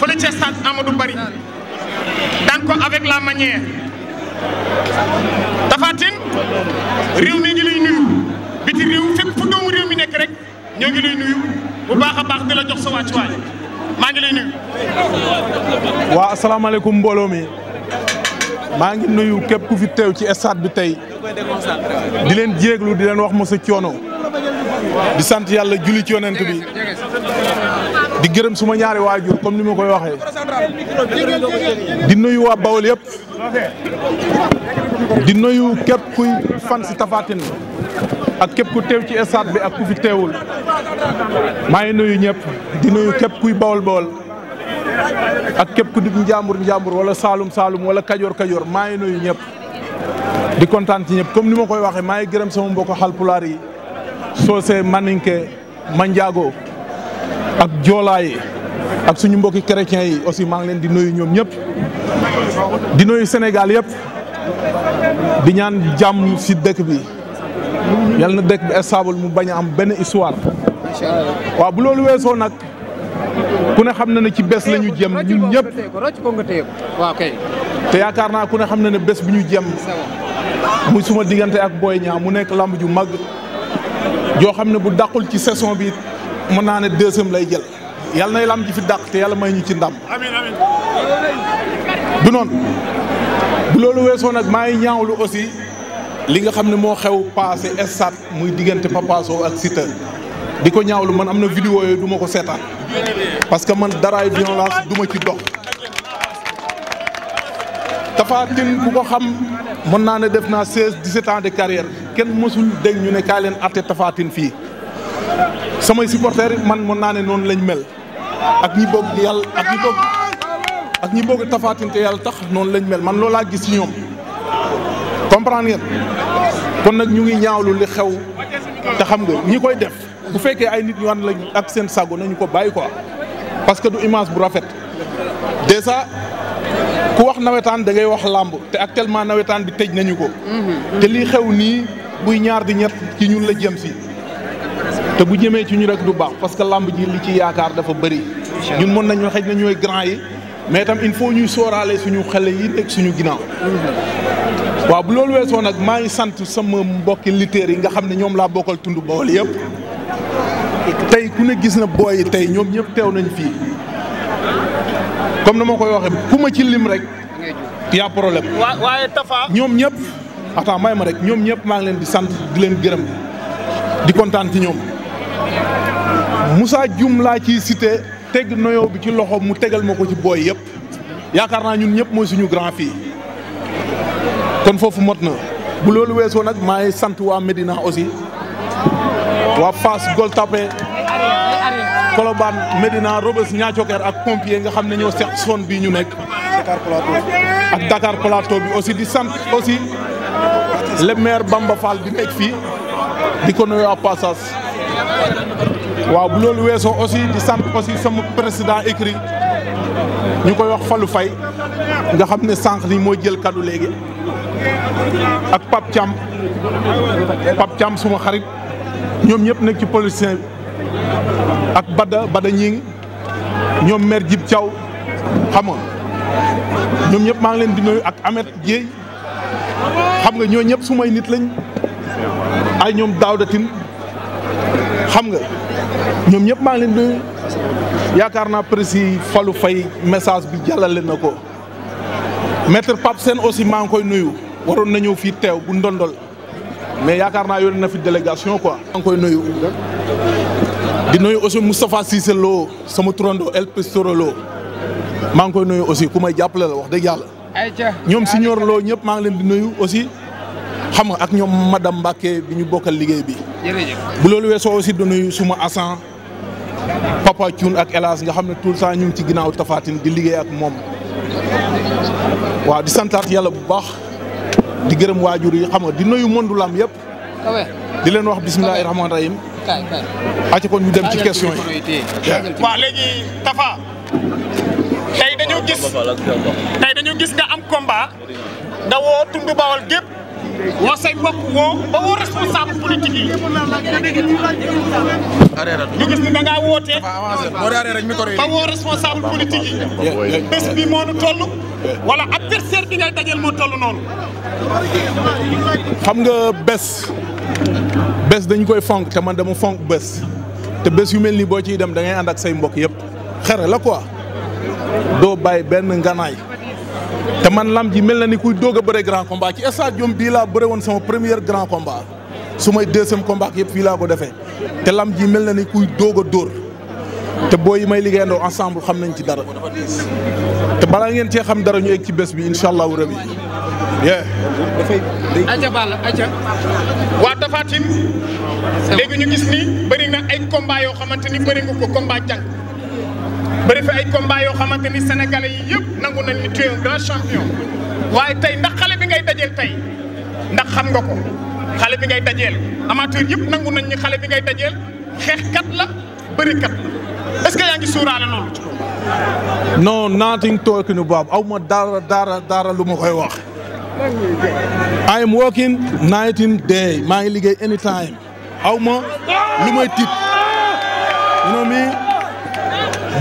fële ca stade Amadou Barry daan ko avec la manière Tapha Tine réew ngi lay nuyu biti réew fépp fu doomu réew mi nekk rek ñoo ngi lay nuyu bu baax baax di la jox sa wàccuwaay maa ngi lay nuyu. waaw asalaamaaleykum mbooloo mi maa ngi nuyu képp ku fi teew ci stade bi tey di leen jéeglu di leen wax mos a coono di sant yàlla julli ci yonent bi. di gërëm ma ñaari waajur comme ni ma koy waxee di nuyu waa Bawol yëpp di nuyu képp kuy fan si Tapha ak képp ku teew ci stade bi ak ku fi teewul maa ngi nuyu ñëpp di nuyu képp kuy Bawol Bawol ak képp ku dib njàmbur njàmbur wala Saalum Saalum wala Kajoor Kajoor maa ngi nuyu ñëpp di kontaan ci ñëpp comme ni ma koy waxee maa ngi gërëm sama mbokk xalpulaar yi soose maninke manjaago ak joolaa yi ak suñu mbokki chrétiens yi aussi maa ngi leen di nuyu ñoom ñépp di nuyu Sénégal yëpp di ñaan jàmm si dëkk bi yal na dëkk bi estable mu bañ a am benn histoire. waaw bu loolu weesoo nag ku ne xam na ci bés la ñu jëm ñun ñëpp te yaakaar naa ku ne xam na ne bés bi ñu jëm muy suma diggante ak Boy Niang mu nekk lamb ju mag joo xam ne bu dàqul ci saison bi. mën naa ne deuxième lay jël yàlla nay lam ji fi dàq te yàlla may ñu ci ndam. amiin amiin du loolu weesoo nag maa ngi ñaawlu aussi li nga xam ne moo xew passé stade muy diggante Papa Sow ak Siteu di ko ñaawlu man am na vidéo yooyu du ko seetaan parce que man daraay violence duma ci dox. Tapha bu ko xam mën naa ne def naa 16 17 ans de carrière kenn mësul dégg ñu ne kaa leen àtte Tapha fii. samay supporters man mën naa ne noonu lañ mel ak ñi bëgg yàlla ak ñi bëgg ak ñi bëgg tafaatinte yàlla tax noonu lañ mel man loolaa gis ci ñoom comprendre ngeen kon nag ñu ngi ñaawlu li xew te xam nga ñi koy def bu fekkee ay nit ñu ànd lañ ak seen sago nañu ko bàyyi quoi parce que du image bu rafet déjà ku wax nawetaan da ngay wax làmb te actuellement nawetaan bi tëj nañu ko. Mhm. te lii xew nii buy ñaar di ñett ci ñun la jëm si. te bu jëmee ci ñu rek du baax parce que lamb ji li ci yaakaar dafa bari ñun mën nañu xëj na ñooy grand yi. mais tam il faut ñuy sóoraale suñu xale yi nekk suñu ginnaaw. Mm-hmm. waaw bu loolu weesoo nag maa ngi sant sama mbokki lutteurs yi nga xam ne ñoom laa bokkal tund bool yëpp. tey ku ne gis na booy yi tey ñoom ñëpp teew nañ fii comme na ma koy waxee ku ma ci lim rek. yaa problème. waaye ñoom ñëpp. attends may ma rek ñoom ñëpp maa ngi leen di sant di leen gërëm di kontaan ci ñoom. Moussa Dioum laa ciy cité teg noyoo ci loxo mu tegal ma ko ci booy yëpp yaakaar naa ñun ñëpp mooy suñu grand fii kon foofu mot na bu loolu weesoo nag maay sant waa Médina aussi waa Fass Gueule Tapée Colobane Médina Rebeuss Niacoker ak pompier nga xam ne ñoo seq zone bii ñu nekk ak Dakar bi aussi di sant aussi le maire Bamba Fall bi nekk fii di ko nuyoo à passage waaw bu loolu weesoo aussi di sant aussi sama président écrit ñu koy wax falu fay nga xam ne sànq ni mooy jël kaddu léegi ak Pape Thiam Pape Thiam suma xarit ñoom ñëpp nekk ci politicien bi ak Bada Bada ñi ñoom maire Djib Thiaw xam ñoom ñëpp maa ngi leen di nuyu ak Amet Dieye xam nga ñoo ñëpp sumay nit lañ ay ñoom Daouda Tine xam nga ñoom ñëpp maa ngi leen yaakaar naa précis Fallou Faye message bi jàllale na ko maître Pape Sène aussi maa ngi koy waroon na ñëw fii teew bu ndondol mais yaakaar naa yónnee na délégation quoi. maa ngi di nuyu aussi Moustapha Cissé Lo sama turando El Pistoro koy nuyu aussi ku may jàppale wax dëgg yàlla. ñoom si ñëpp maa ngi leen di nuyu aussi xam nga ak ñoom madame Mbacke bi ñu bokkal liggéey bi. bu loolu weesoo aussi di nuyu suma Assane Papa Thioune ak Elas nga xam ne tout le temps ñu ngi ci ginnaaw Tapha Tine di liggéey ak moom. waaw di santaat yàlla bu baax di gërëm waajur yi xam nga di nuyu monde lam yëpp. Ah di leen wax bismillaahi ah rahmaani rahiim. acca kon ñu dem ci question yi. waaw léegi Tapha tey dañu gis tey dañu gis nga am combat nga woo tund gépp woo say mbokk woo ba woo responsable politique yi. ñu gis ni da woote. ba woo responsable politique yi. bés bi moo nu toll. wala adversaire bi ngay dajeel moo toll noonu. xam nga bés. bés dañ koy fonk te man dama fonk bés. te bés yu mel ni boo ciy dem dangay ngay ànd ak say mbokk yépp xere la quoi. doo bàyyi benn nganaay. te man lam ji mel na ni kuy doog a bëre grand combat ci stade Diom bii laa bëre woon sama premier grand combat su may deuxième combat yëpp fii laa ko defee te lam ji mel na ni kuy doog a dóor te booy yi may liggéeyandoo ensemble xam nañ ci dara te balaa ngeen cee xam dara ñu egg ci bés bi incha allahu rabi. aca balla aca waa Tapha léegi ñu gis ni bëri na ay combat yoo xamante ni bëri nga ko combat jàng bëri fi ay combat yoo xamante ni sénégalais yi yëpp nangu nañ ni tu es champion waaye tey ndax xale bi ngay dajeel tey ndax xam nga ko xale bi ngay dajeel amateur yëpp nangu nañ ni xale bi ngay dajeel xeexkat la bërikat la est-ce que yaa ngi suuraale loolu ci non nothing talking about aw ma dara dara dara lu ma koy wax I am working night day maa ngi liggéey anytime aw ma lu may tiit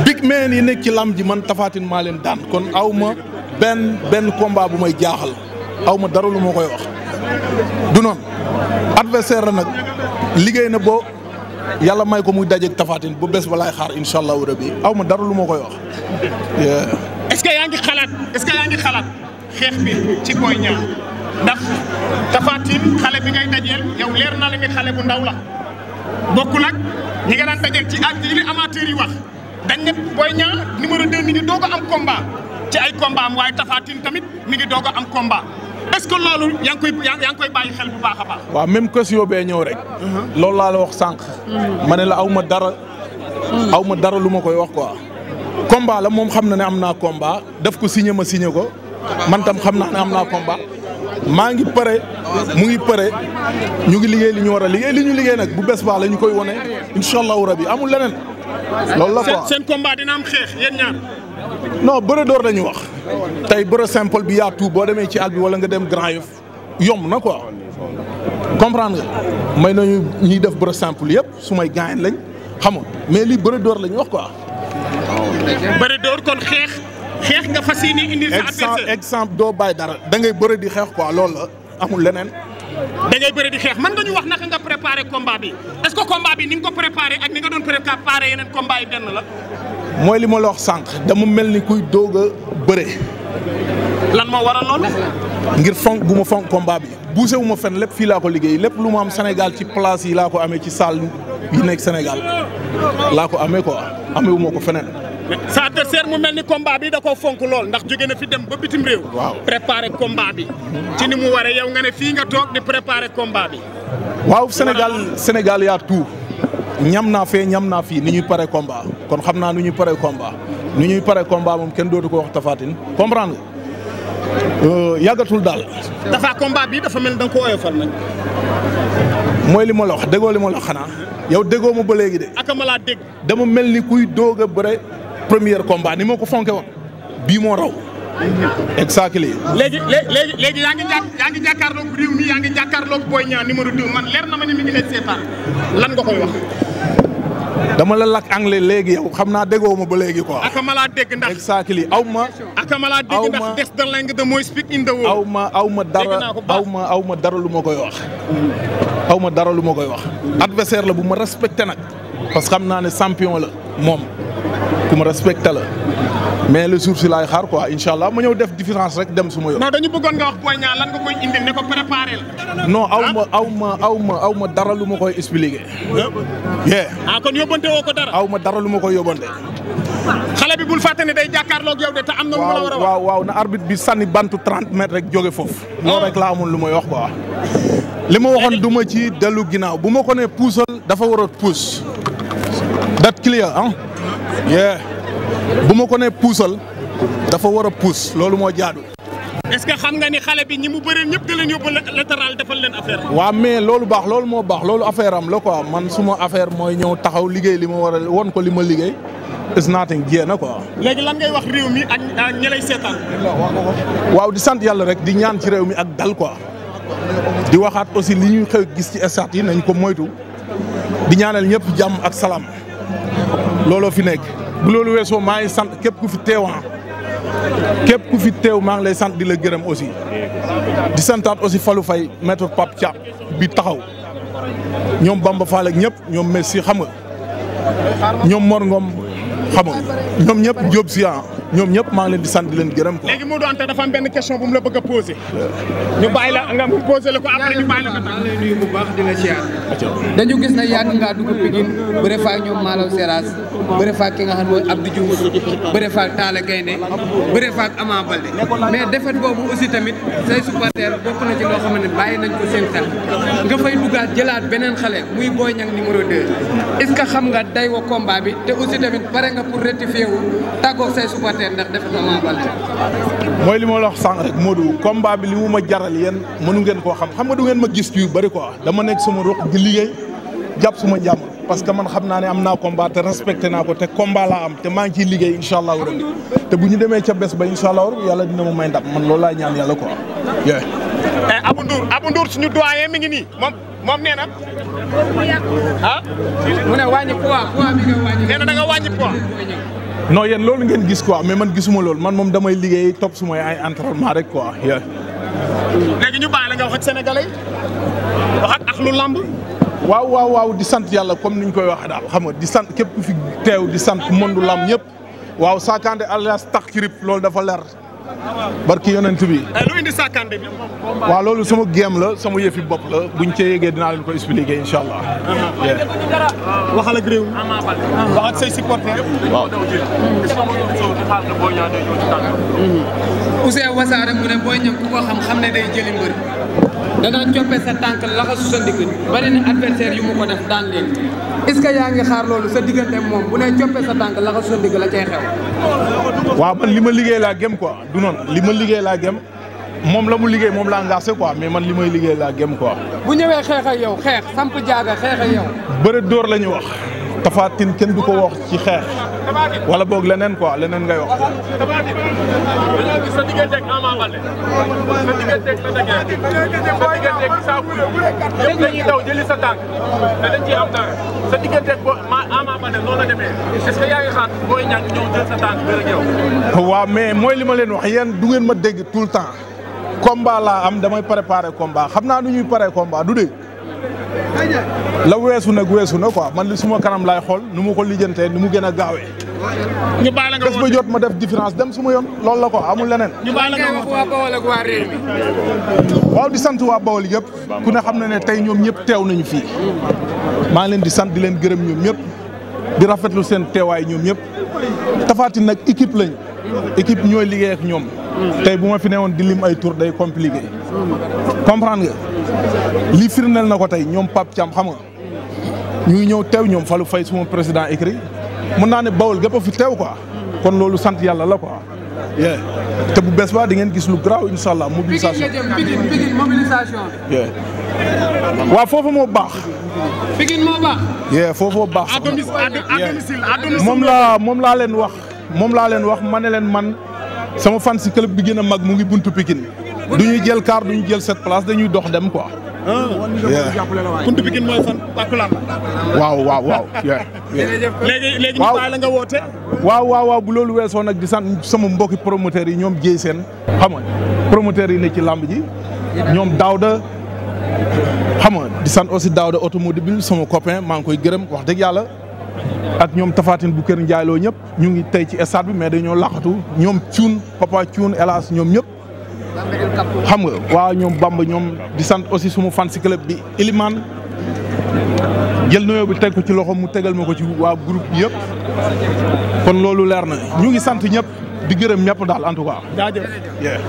big man yi nekk ci lam ji man tafaatin maa leen daan kon aw ma benn benn combat bu may jaaxal aw ma dara lu ma koy wax du noonu adversaire la nag liggéey na boo yàlla may ko muy dajeeg tafaatin boo bés balaay xaar incha allahu rabi aw ma dara lu ma koy wax. est-ce yaa ngi xalaat est yaa ngi xalaat xeex bi ci Boy Niang ndax tafaatin xale bi ngay dajeel yow leer na la xale bu ndaw la bokku nag ñi nga daan dajeel ci ak li wax. dañ ne Boy Niang numéro 2 ngi doog am combat ci ay combat am waaye Tapha tamit mi ngi doog a am combat est-ce que loolu yaa ngi koy yaa ngi xel bu baax a baax. waaw même question bee ñëw rek. Uh-huh. loolu laa la wax sànq. ma ne la aw ma dara. Hmm. aw ma dara lu ma koy wax quoi. combat la moom xam na ne am naa combat def ko signé ma signé ko man tam xam naa ne am naa combat maa ngi pare mu ngi pare ñu ngi liggéey li ñu war a liggéey li ñu liggéey nag bu bes baax la ñu koy wone incha allahu rabi amul leneen. loolu la quoi seen combat dina am xeex yéen ñaar. non bëre door la ñu wax. tey bëre simple bi yaa tout boo demee ci àll bi wala nga dem Grand Yoff yomb na quoi comprendre nga may nañu ñuy def bëre simple yëpp su may gaañ lañ xam nga mais lii bëre door la wax quoi. bëre door kon xeex. xeex nga fas yéene indi sa adversaire exemple doo bàyyi dara da ngay bëre di xeex quoi loolu amul leneen. da ngay di xeex mën nga ñu wax naka nga préparé combat bi est-ce que combat bi ni nga ko préparé ak ni nga doon préparé yeneen combat yi benn la. mooy li ma la wax sànq dama mel ni kuy doog a bëre. lan moo waral loolu. ngir fonk gu ma fonk combat bi bousee wu ma fenn lépp fii laa ko liggéey lépp lu ma am Sénégal ci place yi laa ko amee ci salle yi nekk senegal laa ko amee quoi amee ko feneen. sa adversaire mu mel ni combat bi fonk lool ndax jóge na fi dem ba bitim réew. waaw préparer combat ci ni mu waree yow nga ne fii nga toog di préparer combat bi. waaw Sénégal Sénégal yaa tout ñam naa fee ñam naa fii ni ñuy pare combat kon xam naa nu ñuy pare combat nu ñuy pare combat moom kenn dootu ko wax tafaatin comprendre nga euh, yàggatul daal. dafa combat bi dafa mel da nga ko mooy li ma la wax déggoo li ma xanaa yow déggoo ma ba léegi de. ak ma laa dégg. mel ni kuy doog première combat ma ko fonke woon bii moo raw. exactly. léegi yaa ngi jà yaa ngi jàkkaarloog réew yaa ngi jàkkaarloog Boy Niang numéro 2 man leer na ma ni mi ngi seetaan lan nga koy wax. dama la lakk anglais léegi yow xam naa déggoo ma ba léegi ko ak ma laa dégg ndax exactly aw ma. ak ma laa dégg ndax des the language the most speak in the world. aw ma aw ma dara ma aw ma dara lu ma koy wax. aw ma dara lu ma koy wax. adversaire la bu ma respecté nag. parce que xam naa ne champion la. moom ku ma respecté la mais le jour si laay xaar quoi incha allah ma ñëw def différence rek dem su ma yoon. non dañu bëggoon nga wax Boy Niang koy indi ne ko ma aw ma aw ma dara lu ma koy expliqué. yee. ah kon yóbbante ko dara. aw ma dara lu ma koy yóbbante. xale bi bul fàtte ne day jàkkaarloo yow de te am na lu ma la war a waaw na arbitre bi sànni bantu 30 mètres rek jóge foofu. loolu rek laa lu may wax quoi. li ma waxoon du ma ci dellu ginnaaw bu ma ko nee puusal dafa war a puus. that clear ah yeah bu ma ko ne puusal dafa war a puus loolu moo jaadu. est-ce que xam nga ni xale bi ñi mu bëri ñëpp da leen yóbbu latéral defal leen affaire. waaw mais loolu baax loolu moo baax loolu affaire am la quoi man suma affaire mooy ñëw taxaw liggéey li ma war a won ko li ma liggéey. is nothing jéem na quoi. léegi lan ngay wax réew mi ak ñi seetaan. waaw di sant yàlla rek di ñaan ci réew mi ak dal quoi. di waxaat aussi li ñuy xew gis ci stade yi nañ ko moytu. di ñaanal ñëpp jàmm ak salaam. looloo fi nekk bu loolu weesoo maa ngi sant képp ku fi teewaan ah. képp ku fi teew maa ngi lay sant di la gërëm aussi di santaat aussi Fallou fay maître Pape Thiam bi taxaw ñoom Bamba Fall ak ñëpp ñoom Messi xam nga ñoom Mor Ngom xam nga ñoom si Diop ah. ñoom ñëpp maa ngi leen di sant di leen gërëm ko léegi Modou Anta benn question bu mu la bëgg a posé. dañu gis na yàgg ngaa dugg Pikine bëre fa ak ñoom Malaw Seras bëre fa ki nga xam mooy Abdou Diouf bëre fa ak Talla Gaynde bëre fa ak mais defet boobu aussi tamit say supporters bokk na ci loo xam ne bàyyi nañ ko seen xel nga fay duggaat jëlaat beneen xale muy Boy Niang numéro 2 est-ce xam nga day wa combat bi te aussi tamit pare nga pour rectifier wu tàggoog say supporters ndax defet Ama Baldé mooy li ma la wax sànq rek Modou combat bi li mu ngeen koo xam xam nga du ma gis yu liggéey jàpp suma njàmm parce que man xam naa ne am naa combat te respecté naa ko te combat laa am te maa ngi liggéey incha allahu rabbi te bu ñu demee ca bés ba incha allahu rabbi yàlla dina ma may ndam man loolu laa ñaan yàlla quoi. Eh, Abou Ndour Abou Ndour suñu doyen mi ngi nii moom moom nee na. ah. mu nga wàññi. nee na da nga loolu ngeen gis ko quoi mais man gisuma loolu man moom damay liggéey topp sumay ay entraînement rek quoi. léegi ñu bàyyi la nga wax ak sénégalais wax ak ak lamb. waaw waaw waaw di sant yàlla comme ñu koy waxee daal xam nga di sant képp fi teew di sant monde lamb ñëpp waaw Sakandé alias Tax Kirip loolu dafa leer. barki yonent bi. Eh, lu indi sàkkande bi. waaw loolu sama géem la sama yëfi bopp la buñ ca yéegee dinaa leen ko expliquer incha allah. waxal ak réew wax ak say supporters. waaw. a Wassare mu ne booy ñëw ku ko xam xam ne day jëli mbër. danaa coppe sa tànk laxasu sa ndigg bari na yu mu ko def daan leen est yaa ngi xaar loolu sa diggante moom bu ne coppe sa tànk laxasu sa ndigg la cay xew. waaw man li ma liggéey laa gëm quoi du noonu li ma liggéey laa gem moom la mu liggéey moom laa engagé quoi mais man li may liggéey laa gëm quoi. bu ñëwee xeex ak yow xeex samp jaaga xeex ak yow. bëre dóor la ñu wax. Tapha Tine kenn du ko wax ci xeex wala boog leneen ko leneen ngay wax. sa diggante ak Ama Baldé noonu demee est-ce que booy ñàkk ñëw jël sa tànk bëre waaw mais mooy li ma leen wax yéen du ngeen ma dégg tout le temps combat laa am damay préparer komba xam naa nu ñuy paree komba du dégg. la weesu nag weesu na ko man li suma kanam laay xool nu mu ko lijjantee nu mu gën a gaawee. ñu baal la nga bés ba jot ma def différence dem suma yoon loolu la ko amul leneen. ñu baal la nga waaw di sant waa Bawol yëpp ku ne xam na ne tey ñoom ñëpp teew nañu fii maa ngi leen di sant di leen gërëm ñoom ñëpp di rafetlu seen teewaay ñoom ñëpp Tapha nag équipe lañ. équipe ñooy liggéey ak ñoom. tey bu ma fi newoon di lim ay tour day compliqué. comprendre nga li firndeel na ko tey ñoom Pape Thiam xam nga ñuy ñëw teew ñoom Fallou fay suma président écrit mun naa ne Bawol gépp a fi teew kon loolu sant yàlla la ko te bu bees ba di ngeen gis lu garaaw incha allah mobilisation mobilisation waaw foofu moo baax. Pikine moo moo baax. moom laa leen wax. moom laa leen wax ma ne leen man sama fan si club bi gën a mag mu ngi buntu Pikine du ñuy jël car du ñu jël sept place dañuy dox dem ko ah. buntu Pikine mooy fan Bakulane. waaw waaw waaw. léegi léegi ñu la nga woote. waaw waaw bu loolu weesoo nag di sant sama mbokki promoteurs yi ñoom jéey seen xam nga yi ne ci làmb ji ñoom Daouda xam nga di sant aussi Daouda automobile sama copain maa ngi koy gërëm wax dëgg yàlla. ak ñoom Tafatine bu Kër Ndiayloo ñëpp ñu ngi tey ci stade bi mais dañoo laqatu ñoom cuun papa cuun hélas ñoom ñëpp. xam nga waa ñoom Bamba ñoom di sant aussi suma fan si club bi Ilimane jël nuyoo bi teg ko ci loxo mu tegal ma ko ci waa groupe yëpp kon loolu leer na ñu ngi sant ñëpp di gërëm ñëpp daal en tout cas. jaajëf.